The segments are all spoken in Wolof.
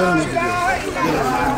jërë ngeen jëf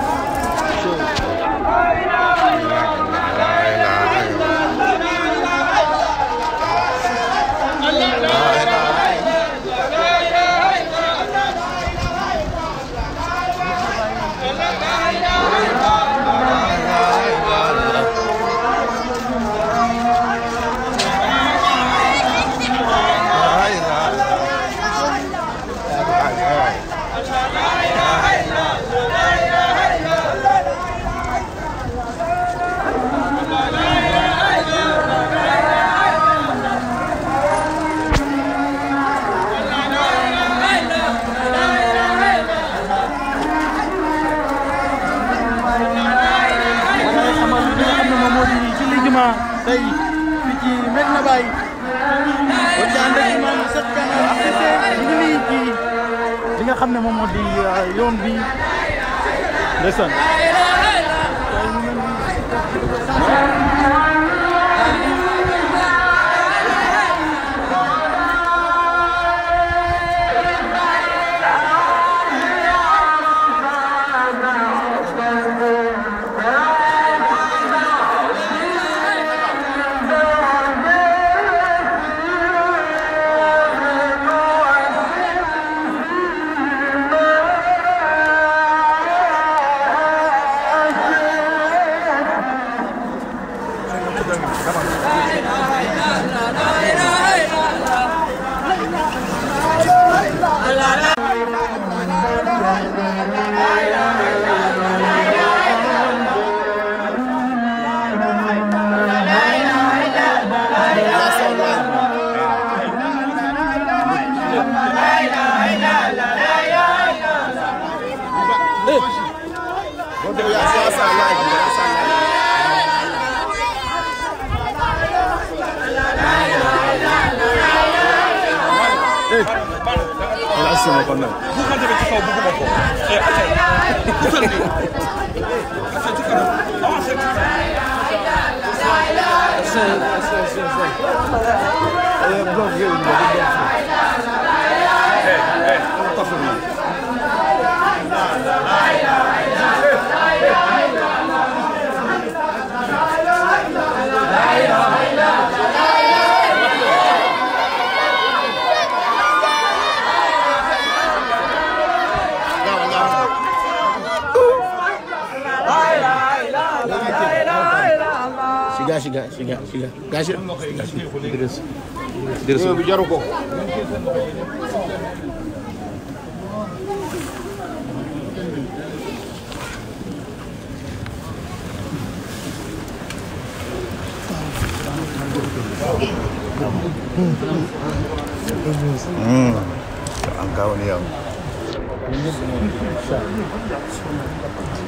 xam ne euh, yoon bi ci kanam avancé ci kanam. siga siga siga gashi Idriss Idriss bi jaru ko Mm. Ang kawan niya.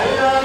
Allah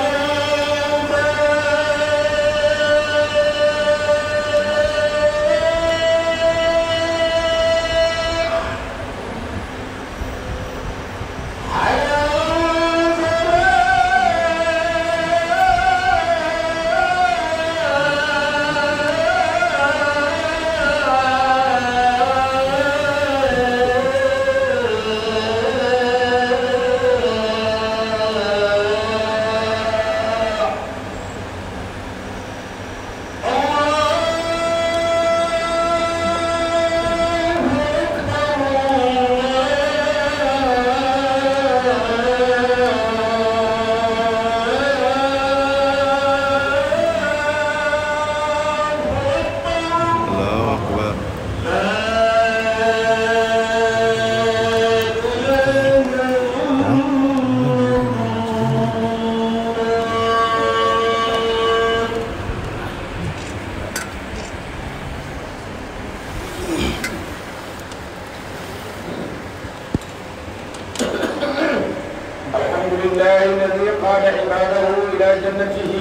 لله الذي قاد عباده إلى جنته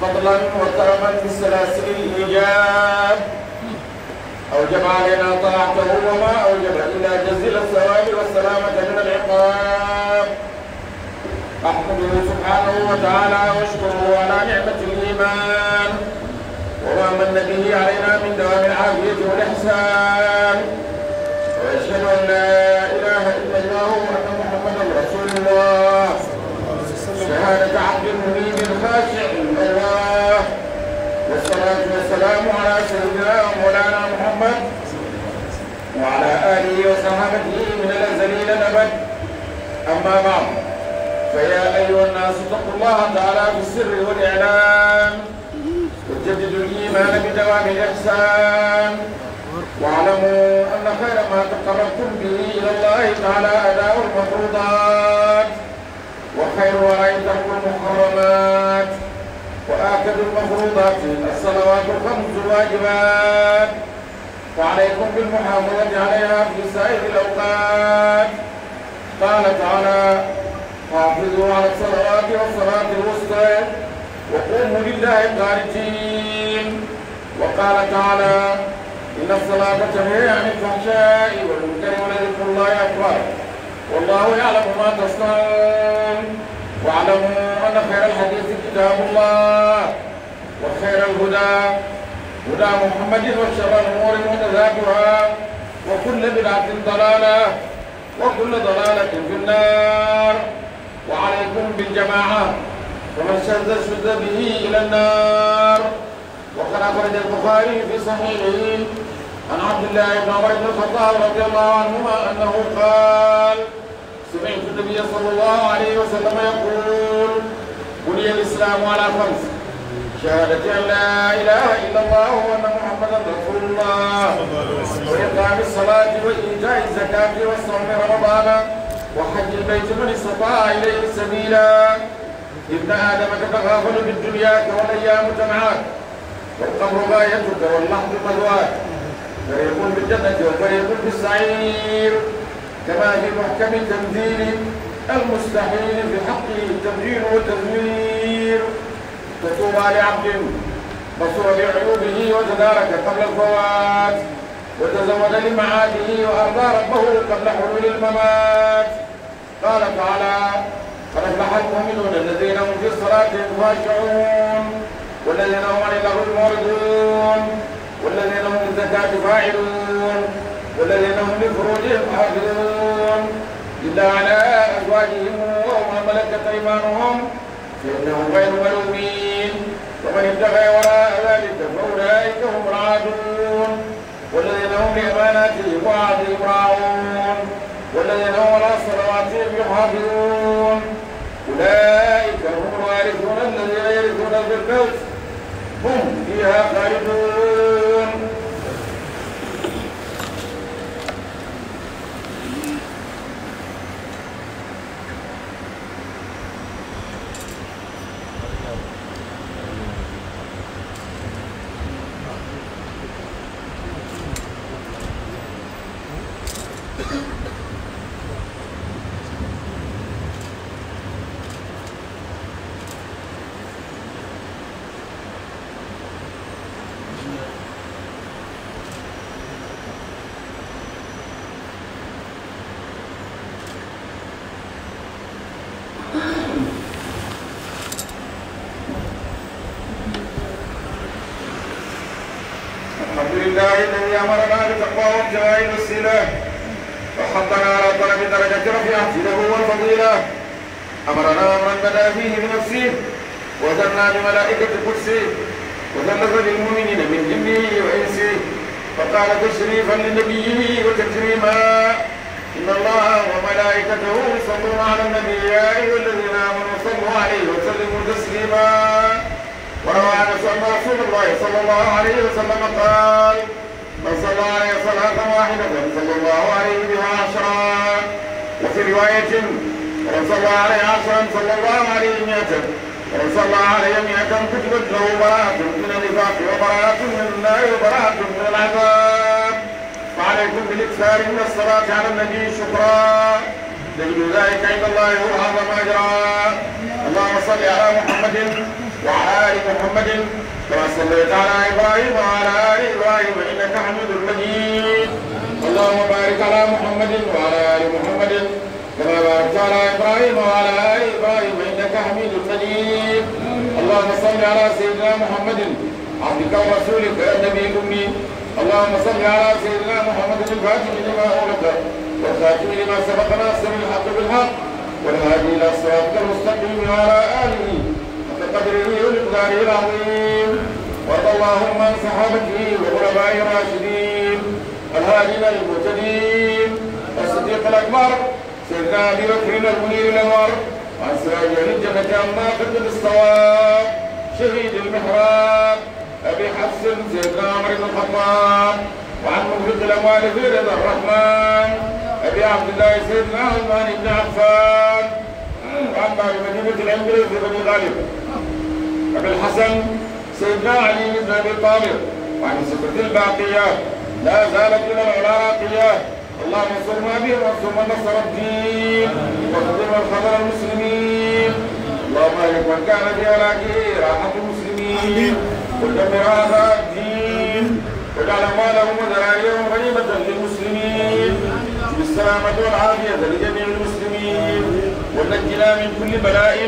فضلا وكرما بالسلاسل الإيجاب أوجب علينا طاعته وما أوجب إلا جزيل الثواب والسلامة من العقاب أحمده سبحانه وتعالى واشكره على نعمة الإيمان وما من به علينا من دوام العافية والإحسان وأشهد أن لا إله إلا الله محمد محمد رسول الله شهادة عبد منيب الخاشع الله والصلاة والسلام على سيدنا مولانا محمد وعلى آله وصحابته من الأزلين الأبد أما بعد فيا أيها الناس اتقوا الله تعالى في السر والإعلام وجددوا الإيمان بدوام الإحسان واعلموا أن خير ما تقربتم به إلى الله تعالى أداء المفروضات وخير وراء ترك المحرمات وآكد المفروضات الصلوات الخمس الواجبات وعليكم بالمحافظة عليها في سائر الأوقات قال تعالى حافظوا على الصلوات والصلاة الوسطى وقوموا لله قانتين وقال تعالى إن الصلاة تنهي عن الفحشاء والمنكر ولذكر الله أكبر والله يعلم ما تصنعون واعلموا أن خير الحديث كتاب الله وخير الهدى هدى محمد وشر الأمور محدثاتها وكل بدعة ضلالة وكل ضلالة في النار وعليكم بالجماعة فمن شذ شذ به إلى النار وقد أخرج البخاري في صحيحه عن عبد الله بن عمر بن الخطاب رضي الله عنهما انه قال سمعت النبي صلى الله عليه وسلم يقول بني الاسلام على خمس شهادة أن لا إله إلا الله وأن محمدا رسول الله وإقام الصلاة وإيتاء الزكاة والصوم رمضان وحج البيت من استطاع إليه سبيلا ابن آدم تتغافل بالدنيا والأيام تمعاك والقبر غايتك واللحظ مدواك فريق بالجنة وفريق بالسعير كما في محكم تمثيل المستحيل في حقه التمجيد والتدمير فطوبى لعبد بصر بعيوبه وتدارك قبل الفوات وتزود لمعاده وارضى ربه قبل حلول الممات قال تعالى قد افلح المؤمنون الذين هم في صلاتهم خاشعون والذين هم عن اللغو معرضون والذين هم للزكاة فاعلون والذين هم لفروجهم حافظون إلا على أزواجهم وما ملكت أيمانهم فإنهم غير ملومين ومن ابتغى وراء ذلك فأولئك هم العادون والذين هم لأماناتهم وعهدهم راعون والذين هم على صلواتهم يحافظون أولئك هم الوارثون الذين يرثون الفردوس هم فيها خالدون الذي امرنا بتقواه وابتغاء الوسيله وحضنا على طلب درجه رفيعه له والفضيله امرنا امرا بدا فيه بنفسه وزنا بملائكه القدس وزنف للمؤمنين من جنه وانسه فقال تشريفا لنبيه وتكريما ان الله وملائكته يصلون على النبي يا ايها الذين امنوا صلوا عليه وسلموا تسليما وروى انس ان رسول الله صلى الله عليه وسلم قال الله عليه صلاة واحدة صلى الله عليه بها عشرا وفي رواية ومن صلى عليه عشرا صلى الله عليه مئة ومن صلى عليه مئة كتبت له براءة من النفاق وبراءة من النار وبراءة من العذاب فعليكم بالإكثار من الصلاة على النبي شكرا تجد ذلك عند الله هو أعظم أجرا اللهم صل على محمد وعلى آل محمد كما صليت على إبراهيم وعلى آل إبراهيم إنك حميد مجيد اللهم بارك على محمد وعلى آل محمد كما باركت على إبراهيم وعلى آل إبراهيم إنك حميد مجيد اللهم صل على سيدنا محمد عبدك ورسولك النبي الأمي اللهم صل على سيدنا محمد الفاتح لما أولد والخاتم لما سبق ناصر الحق بالحق والهادي إلى صراطك المستقيم وعلى آله بقدره ولمقداره العظيم وارض اللهم عن صحابته والخلفاء الراشدين الهادين المهتدين الصديق الاكبر سيدنا ابي بكر المنير الانوار وعن سراج الجنه عما قد بالصواب شهيد المحراب ابي حفص سيدنا عمر بن الخطاب وعن منفق الاموال في رضا الرحمن ابي عبد الله سيدنا عثمان بن عفان وعن بعض مدينه العنبري في بني غالب أبي الحسن سيدنا علي بن أبي طالب وعن سفرة الباقيات لا زالت إلى العراقيات اللهم انصرنا بهم وارزقنا نصر الدين وخذلنا الخبر المسلمين اللهم اهلك من كان في عراقه راحة المسلمين ودمر أعداء الدين واجعل أموالهم وذراريهم غنيمة للمسلمين بالسلامة والعافية لجميع المسلمين ونجنا من كل بلاء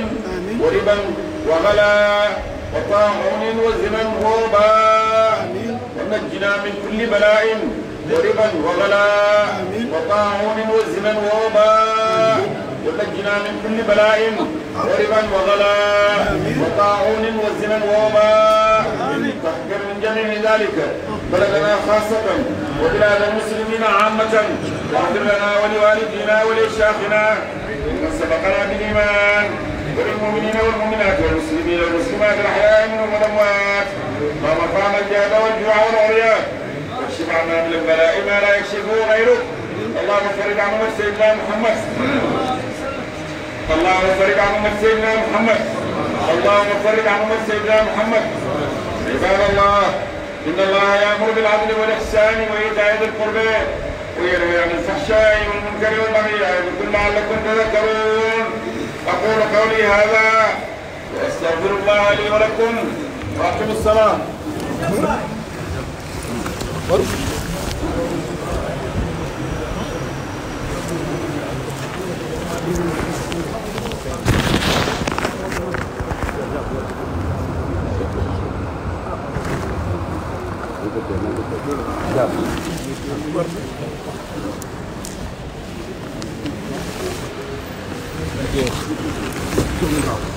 وربا وغلا وطاعون وزنا ووباء ونجنا من كل بلاء وربا وغلا وطاعون وزنا ووباء ونجنا من كل بلاء وربا وغلا وطاعون وزنا ووباء تحكم من جميع ذلك بلغنا خاصة وبلاد المسلمين عامة واغفر لنا ولوالدينا ولشيخنا إن سبقنا بالإيمان وللمؤمنين والمؤمنات والمسلمين والمسلمات الأحياء منهم والأموات اللهم ارفعنا الجهل والجوع والعريان واكشف عنا من البلاء ما لا يكشفه غيرك اللهم فرج عن أمة سيدنا محمد اللهم فرج عن أمة سيدنا محمد اللهم فرج عن أمة سيدنا محمد عباد الله إن الله يأمر بالعدل والإحسان وإيتاء ذي القربى وينهى عن الفحشاء والمنكر والبغي يعظكم لعلكم تذكرون أقول قولي هذا وأستغفر الله لي ولكم وأقم الصلاة Thank you. liggéey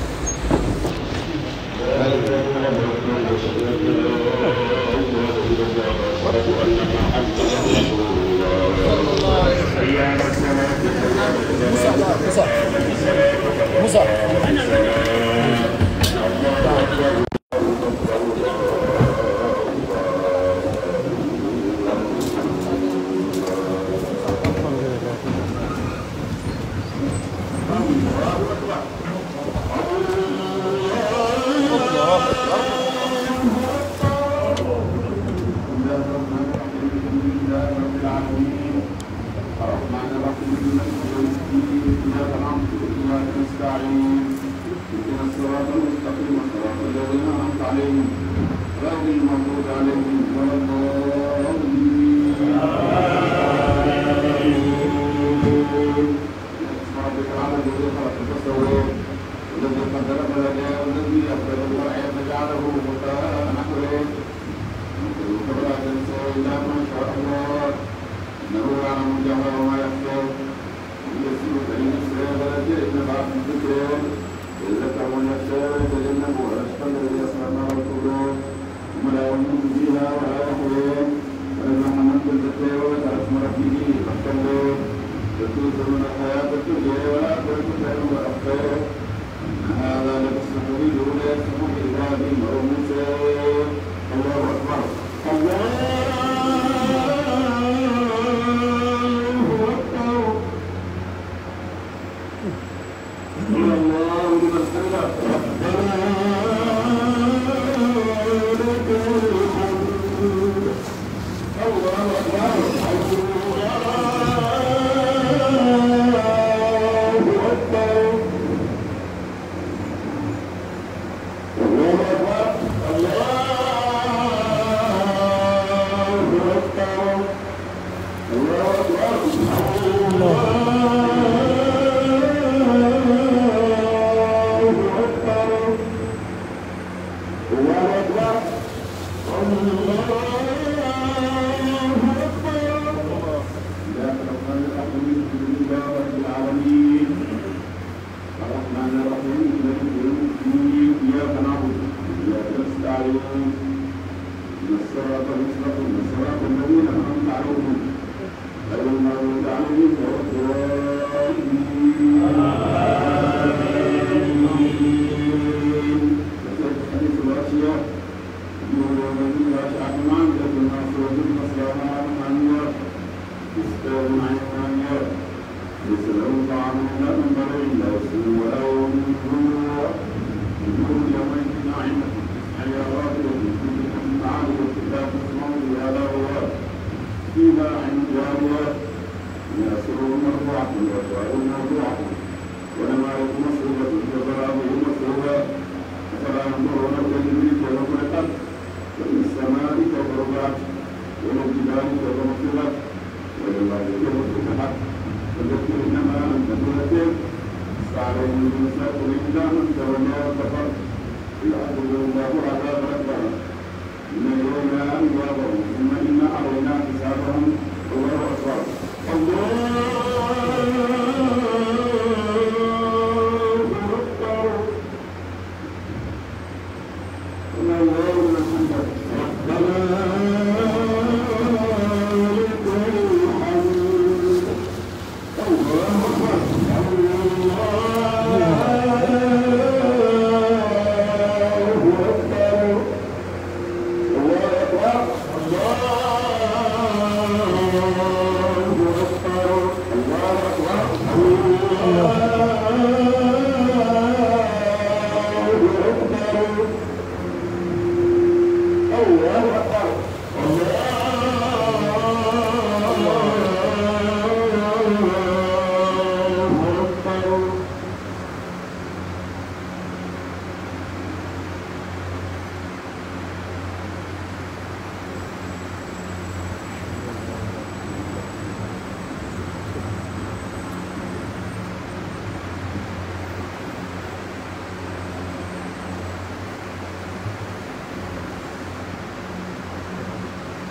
يموت فيها ولا يحيون ونزعنا من كل دبر وتعثم فيه فاحتمل وتؤثرون الحياة الدنيا والآخرة خير وأبقى هذا لبس النبي ولا يسمع إبراهيم وموسى الله أكبر الصراط المستقيم الصراط الذين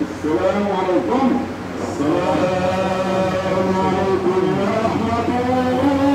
السلام عليكم السلام عليكم ورحمة الله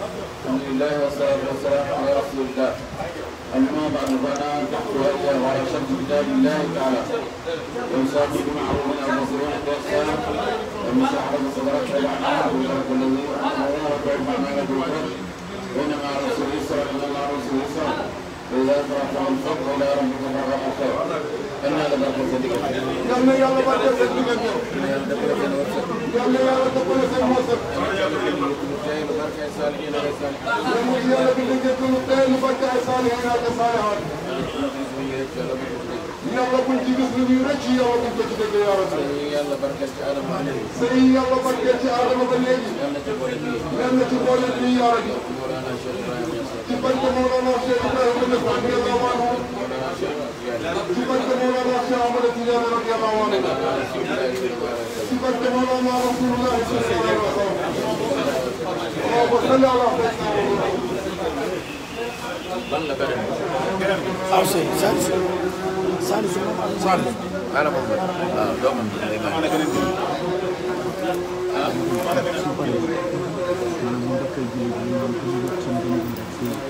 alhamdulillah wassalatu wassalamu ala rasulillah amma ba'du fana nahdu illa wa rasulu kitabillahi ta'ala wa yusabiqu ma'rufan aw masrufan bi ihsan wa man sahaba sabara tabi'a wa yusabiqu alladhi amara wa ba'da ma'ana al-qur'an wa inna ma'a rasulillah sallallahu alaihi wasallam إذا أصبحت فانصب إلى ربك فارغب خير. أنا لبركة صديقك. يا من يا الله بركة صديقك. يا من يا الله تقول سيد موسى. بركة الصالحين على الصالحين. يا من يا الله بدك تكون الطين بركة الصالحين على الصالحين. يا الله كنت باسم يرجي يا رب كنت تدعي يا رب. يا الله بركة آدم عليه. سيدي يا الله بركة آدم بالليل. يا الله تقول لي يا رب. مولانا شيخ إبراهيم. تبارك مولانا شيخ إبراهيم. رضي الله عنه تبت مولانا شيخ احمد التجاني رضي الله عنه تبت مولانا رسول الله صلى الله عليه وسلم اللهم صل على سيدنا محمد سالس سالس سالس انا محمد اه دوما انا كنت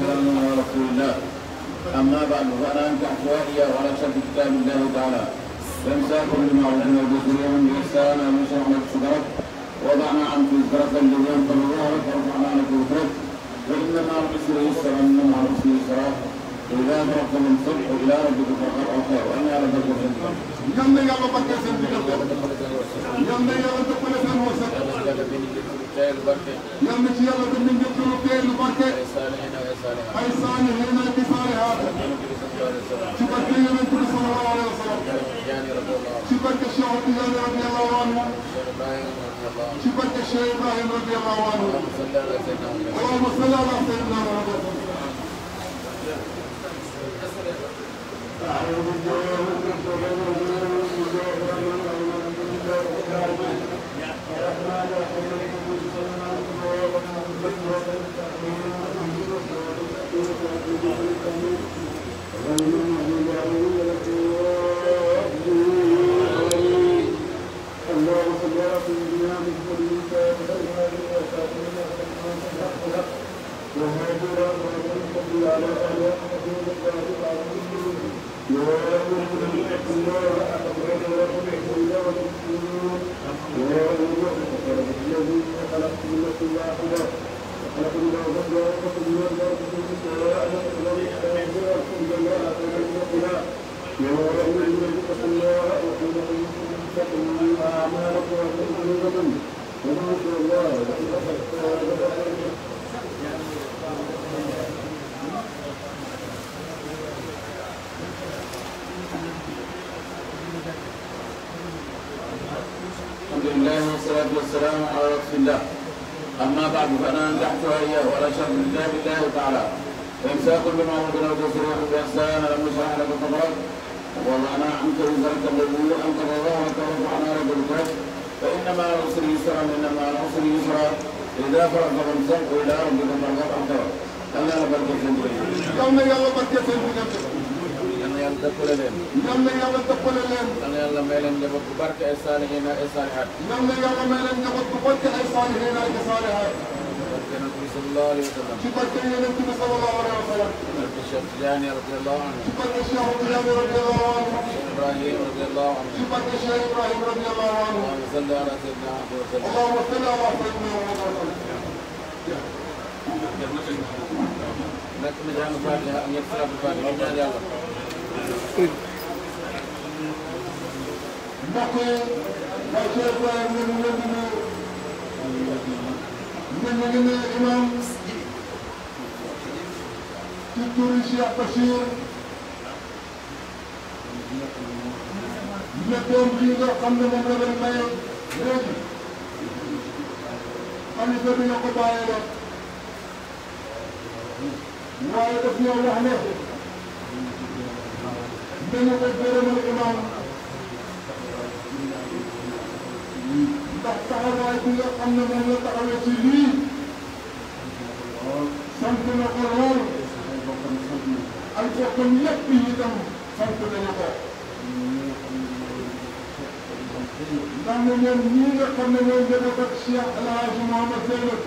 والسلام على رسول الله أما بعد فأنا أنكح سؤالي وعلى شرط كتاب الله تعالى فامساكم بمعروف وبذريهم بإحسان أن يشرح صدرك وضعنا عنك وزرك الذي ينقل ظهرك ورفعنا عنك وزرك وإن مع العسر يسرا إن مع العسر يسرا إذا فرقت من صبح إلى ربك فقر أو خير وأنا على ذلك وسلم. يوم يلا بكر سنتك. يوم يلا تقول سنتك. yàlla bindi ñu teelu barke yal na ci yàlla bindi ñu teelu barke ay saalihiina ay saalihaat ay saalihiina di saalihaat ci barke yonent bi sallallahu alayhi wa sallam ci barke Cheikh Tidiane radiyallahu anhu ci barke Cheikh Ibrahim radiyallahu anhu allahumma salli ala sayyidina Muhammad أعوذ بالله من الشيطان الرجيم بسم الله الرحمن الرحيم الرحمن الرحيم إذا فرغت من سنك وإلى ربك فارغب أم ترى yàlla na barke seen bopp. yal na yàlla barke seen bopp. yal na yàlla dëppale leen. yal na yàlla dëppale leen. yal na yàlla may leen njaboot bu barke ay saalihiin ak ay saalihaat. yal na yàlla may leen njaboot bu barke ay saalihiin ak ay saalihaat. yonent bi sallallahu alayhi wa sallam. ci barke yonent bi sallallahu alayhi wa sallam. ci barke Cheikh Tidiane radiyallahu anhu. ci barke Cheikh Tidiane radiyallahu anhu. Cheikh Ibrahim radiyallahu anhu. ci barke Cheikh Ibrahim radiyallahu anhu. Allahumma salli ala sayyidina Muhammad wa sallam. Allahumma salli ala sayyidina Muhammad wa sallam. nekk na jàng Fatiha ak ñetti salaatul Fatiha ñaan yàlla. mbokk yi. mel na nga ne imam ci turi Cheikh Bachir nekkoon bii nga xam ne moom la doon maye léegi xalifa bi nga ko bàyyee woon waaye daf ñoo wax ne dañu ko gërëmal imam ndax taxawaay bi nga xam ne moom la taxawee ci lii sant na ko lool ay bokkam yëpp yi itam sant nañu ko ndax ne ñoom ñii nga xam ne ñooy njëkk ak Cheikh El Hadj Mouhamad Zeynab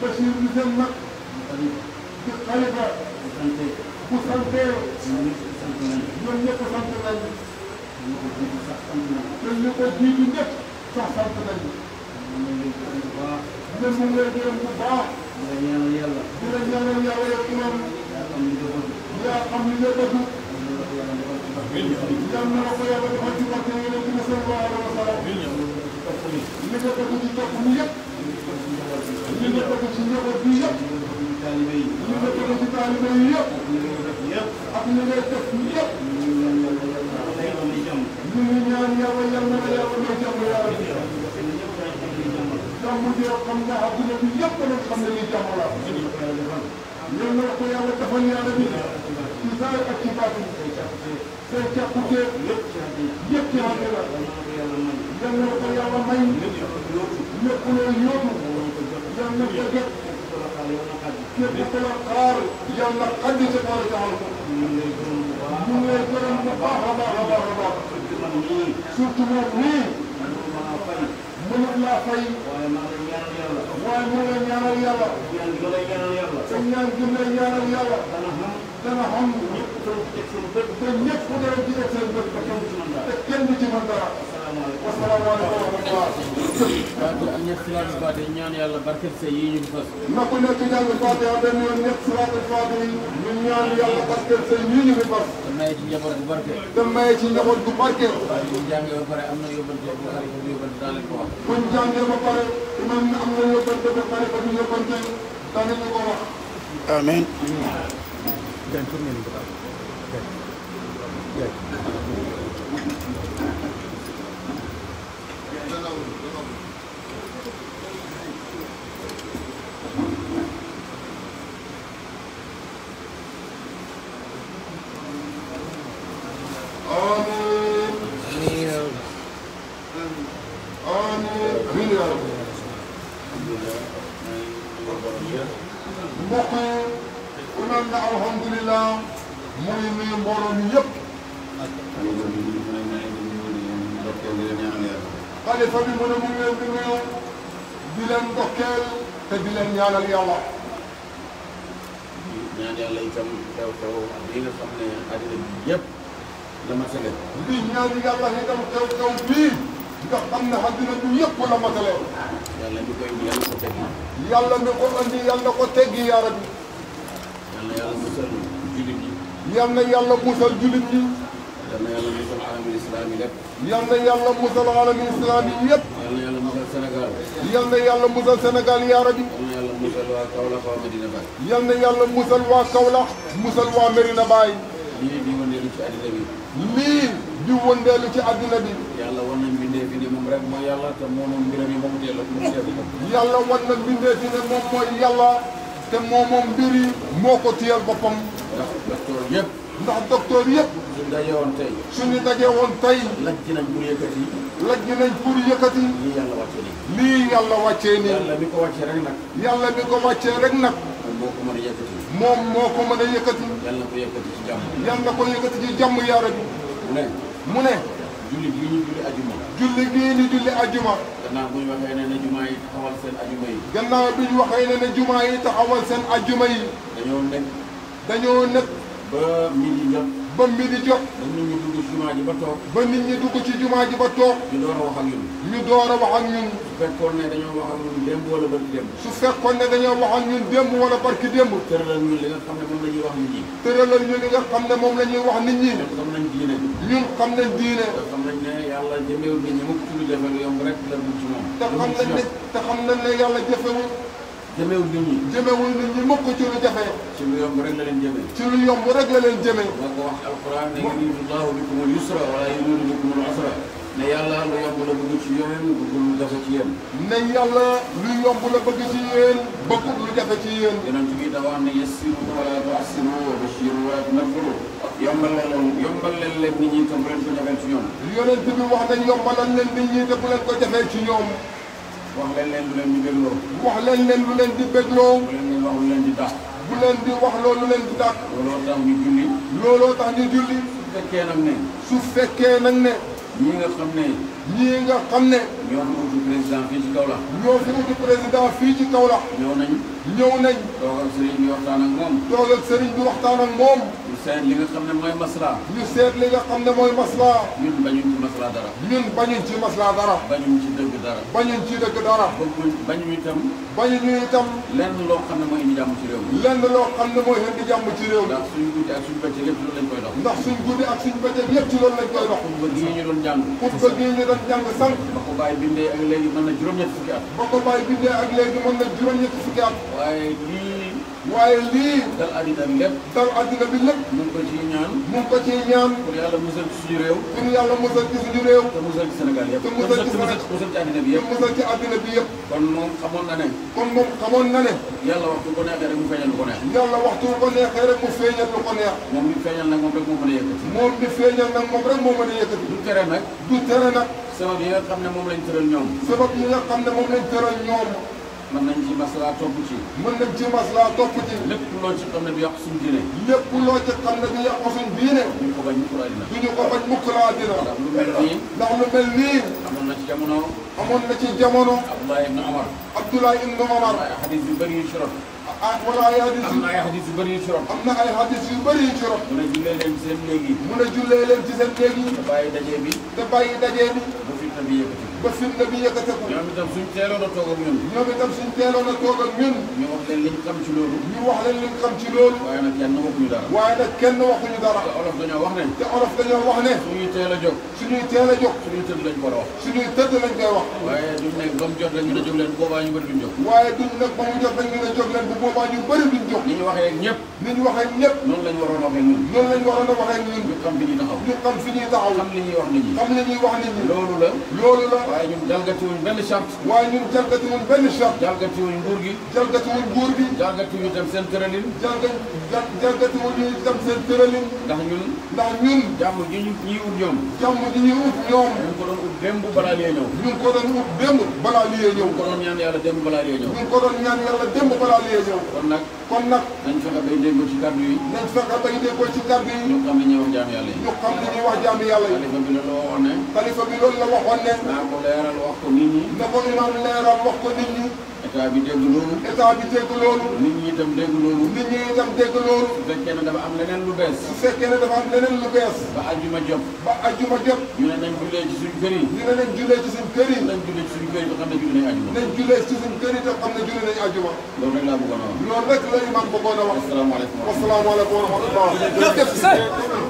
Bachir di seen mag di xalifa bu sante ñoom ñëpp sant nañu ñu ko jiitu sax am nañu. ñun ñu ko jiitu ñëpp sax sant nañu. ñu ngi lay gërëm bu baax. ñun ñu ngi lay gërëm bu baax. di la ñaanal yàlla. di la ñaanal yàlla yow imam. yaa xam li nga bëgg. yaa xam li nga bëgg. yal na la ko yàlla defal ci barke yonent bi sallallahu alayhi wa sallam. li nga bëgg di topp ñu yëpp. li nga bëgg ci njaboot bi yëpp. li nga bëgg ci taalibe yi yëpp. ak li ngay def yëpp. ñu ngi ñaan yàlla yàlla na yàlla may jàmm yaa rabbi jàmm joo xam ne adduna bi yëpp nañ xam ne lii jàmm la ñoom ñoo ko yàlla defal yaa rabbi ci saa ak ci baatu say càppute yëpp ci ànd la yàlla na ko yàlla may lépp loo yóotu yàlla na ko jot képp ku la xaar yàlla xaddi sa kaw jàmm ñu ngi lay gërëm bu baax a baax a baax a baax surtout moom nii. mënut laa fay. waaye maa ngi ñaanal yàlla. waaye maa ngi ñaanal yàlla. ñaan gi lay ñaanal yàlla. te ñaan gi lay ñaanal yàlla. dana xam. dana xam. ñëpp dana ci teg seen bët. te ñëpp dana ci teg seen bët. te kenn du ci mën dara. te kenn du ci mën dara. wasalaamaaleykum wa rahmatulah. ak ñett salaatul faate ñaan yàlla barkeel sa yi ñu fas. na ku nekk ñaan faate benn yoon ñett salaatul faate ñu ñaan yàlla barkeel sa yi ñu fas. maye ci njaboot bu barke. nga maye ci njaboot bu barke. waaye bu ñu jàngee ba pare am na yóbbante bu xarit bu yóbbante daa leen ko wax. bu ñu jàngee ba pare imam na am na yóbbante ba pare ba ñu yóbbante daa leen ko wax. amiin. xalifa bi mu ne mu ngi leen di nuyu di leen dokkeel te di leen ñaanal yàlla. ñaan yàlla ne àddina bi yëpp la matale. di ñaan yàlla itam teew teew bii yëpp la matale. yàlla mi koy yàlla ko teggi. yàlla ko andi yàlla ko musal jullit ñi. islam yi lépp. yal na yàlla musal alamin islam yi yëpp. yal na yàlla musal Sénégal. yal na yàlla musal Sénégal yaa rabbi. yal na musal waa Kaolack lii di wëndeelu ci àddina bi. lii di wëndeelu ci àddina bi. yàlla wan na mbindee fi ne moom rek mooy yàlla te moomoom mbiram yi moom delloo moom delloo. yàlla wan ndax docteur yëpp. suñu daje woon tey. suñu daje woon tey. lajj nañ pour yëkkati. lajj nañ pour yëkkati. lii yàlla wàccee nii. lii yàlla wàccee nii. yàlla mi ko wàccee rek nag. yàlla mi ko wàccee rek nag. moom moo ko mën a yëkkati. moom moo ko mën a yëkkati. yàlla ko yëkkati ci jàmm. yàlla mu ne. mu ne. julli gii ñu julli ajuma. julli gii ñu julli ajuma. gannaaw bu ñu waxee ne ne jumaa yi taxawal seen ajuma yi. gannaaw bi ñu waxee ne ne jumaa yi taxawal seen ajuma yi. dañoo nekk. dañoo nekk ba midi jot. ba midi jot. ba nit ñi dugg ci jumaa ji ba toog. ba nit ñi dugg ci jumaa ji ba toog. ñu door a wax ak ñun. ñu door a wax ak ñun. su fekkoon ne dañoo wax ak ñun démb wala barki démb. su fekkoon ne dañoo wax ak ñun démb wala barki démb. tëralal ñu li nga xam ne moom la ñuy wax nit ñi. tëralal ñu li nga xam ne moom la ñuy wax nit ñi. ñun xam nañ diine. ñun xam nañ diine. te xam nañ ne yàlla jëfewul nit ñi mukk ci lu jafe lu yomb rek la dul ci moom. te xam nañ ne te xam nañ ne yàlla jëfewul jëmewul nit ñi jëmewul nit ñi mukk ci lu jafe ci lu yomb rek la leen jëme ci lu yomb rek la leen jëme moo ko wax alquran ne yuridu llahu bikumul yusra wala yuridu bikumul usra ne yàlla lu yomb la bëgg ci yéen bëggul lu jafe ci yéen ne yàlla lu yomb la bëgg ci yéen bëggul lu jafe ci yéen yonent bi daa wax ne yassiru wala tu'assiru wa bashiru wala tunaffiru yombal leen yombal leen leen nit ñi te bu leen ko jafee ci ñoom yonent bi wax nañ yombalal leen nit ñi te bu leen ko jafee ci ñoom wax leen leen lu leen di bégloo. wax leen leen lu leen di bégloo. bu leen di wax lu leen di dàq. bu leen di wax loolu leen di dàq. looloo tax ñu julli. looloo tax ñu julli. su fekkee nag ne. su fekkee nag ne. ñii nga xam ne. ñii nga xam ne. ñoo fi uti président fii ci Kaolack. ñoo fi uti président fii ci Kaolack. ñëw nañ. ñëw nañ. toog ak sëriñ bi waxtaan ak moom. toog ak sëriñ bi waxtaan ak moom. seet li nga xam ne mooy maslaa ñu seet li nga xam ne mooy maslaa ñun bañuñ ci maslaa dara ñun bañuñ ci maslaa dara bañuñ ci dëgg dara bañuñ ci dëgg dara bëgguñ bañuñ itam bañuñu itam lenn loo xam ne mooy indi jàmm ci réew mi lenn loo xam ne mooy indi jàmm ci réew mi ndax suñ guddi ak suñ bëccëg yëpp ci loolu lañ koy dox ndax suñ guddi ak suñ bëccëg yëpp ci loolu lañ koy dox xutba gii ñu doon jàng xutba gii ñu doon jàng sànq ba ko bàyyi bindee ak léegi mën na juróom-ñetti fukki at ba ko bàyyi bindee ak léegi mën na juróom-ñetti fukki at waaye lii waaye lii. dal àddina bi lépp. dal àddina bi lépp. mu ngi ko ciy ñaan. mu ngi ko ciy ñaan. pour yàlla musal ci suñu réew. pour yàlla musal ci suñu réew. te musal ci Sénégal yëpp. te musal ci Sénégal te musal ci àddina bi yëpp. te musal ci àddina bi yëpp. kon moom xamoon na ne. kon moom xamoon na ne. yàlla waxtu bu ko neexee rek mu feeñal lu ko neex. yàlla waxtu bu ko neexee rek mu feeñal lu ko neex. moom mi feeñal nag moom rek moo mën a yëkkati. moom mi feeñal nag moom rek moo mën a yëkkati. du tere nag. du tere nag. sabab yi nga xam ne moom lañ tëral ñoom. sabab yi nga xam ne moom lañ tëral ñoom mën nañ ci maslaa topp ci mën nañ ci maslaa topp ci lépp loo ci xam ne du yàq suñu diine lépp loo ci xam ne du yàq suñu diine duñu ko bañ mukk laa dina duñu ko bañ mukk laa dina ndax lu mel nii ndax lu mel nii amoon na ci jamono amoon na ci jamono Abdoulaye ibn Omar Abdoulaye ibn Omar ay xadis yu bëri yu ci rot ah, ah wala ay hadis am na ay hadis yu bëri yu ci rot am na ay hadis yu bëri yu ci rot mun a jullee leen ci seen néeg yi mun a jullee leen ci seen néeg yi te bàyyi dajee bi te bàyyi dajee bi bu fitna bi yëkkati ba fi la bi yëkkatagul. ñoom itam suñ teeloon a toog ak ñun. ñoom itam suñ teeloon a toog ak ñun. ñu wax leen liñ xam ci loolu. ñu wax leen liñ xam ci loolu. waaye nag kenn waxuñu dara. waaye nag kenn waxuñu dara. te olof dañoo wax ne. te olof dañoo wax ne. suñuy teel a jóg. suñuy teel a jóg. suñuy tëdd lañ ko war a wax. suñuy tëdd lañ koy wax. waaye duñ nekk ba mu jot rek ñu ne jóg leen bu boobaa ñu bëri duñ jóg. waaye duñ nag ba mu jot rek ñu ne jóg leen bu boobaa ñu bëri duñ jóg. ni ñu waxee ak ñëpp. ni ñu waxee ak ñëpp. noonu lañ waroon a waxee ñun. noonu lañ waroon a waxee ñun. ñu xam fi ñuy taxaw. ñu xam fi ñuy taxaw. xam li ñuy wax nit ñi. xam li ñuy wax nit ñi. loolu la. loolu la. waaye ñun jalgatiwuñ benn charte. waaye ñun jalgatiwuñ benn charte. jalgatiwuñ nguur gi. jalgatiwuñ nguur gi. jalgatiwuñ itam seen tëralin. jalga ja jalgatiwuñ itam seen tëralin. ndax ñun. ndax ñun. jàmm ji ñu ñuy ut ñoom. jàmm ji ñuy ut ñoom. ñu ko doon ut démb balaa liy ñëw. ñu ko doon ut démb balaa liy ñëw. ñu ko doon ñaan yàlla démb balaa liy ñëw. ñu ko doon ñaan yàlla démb balaa liy ñëw. kon nag. kon nag. nañ fexe bay déggoo ci kàddu yi. nañ fexe bay déggoo ci kàddu yi. ñu xam li ñuy wax jaamu yàlla yi. ñu xam li ñuy wax jaamu yàlla yi. xalifa bi loolu la waxoon ne. xalifa bi loolu la waxoon ne. leeral wax ko nit ñi. na ko imaam leeral wax ko nit ñi. état bi dégg loolu. état bi dégg loolu. nit ñi itam dégg loolu. nit ñi itam dégg loolu. su fekkee ne dafa am leneen lu bees. su fekkee ne dafa am leneen lu bees. ba ajjuma jot. ba ajjuma jot. ñu ne nañ jullee ci suñ kër yi. ñu ne nañ jullee ci suñ kër yi. nañ jullee ci suñ kër yi te xam ne julli nañ ajjuma. nañ jullee ci suñ kër yi te xam ne julli nañ ajjuma. loolu rek laa bëggoon a wax. loolu rek la imaam bëggoon a wax. asalaamaaleykum wa rahmatulah.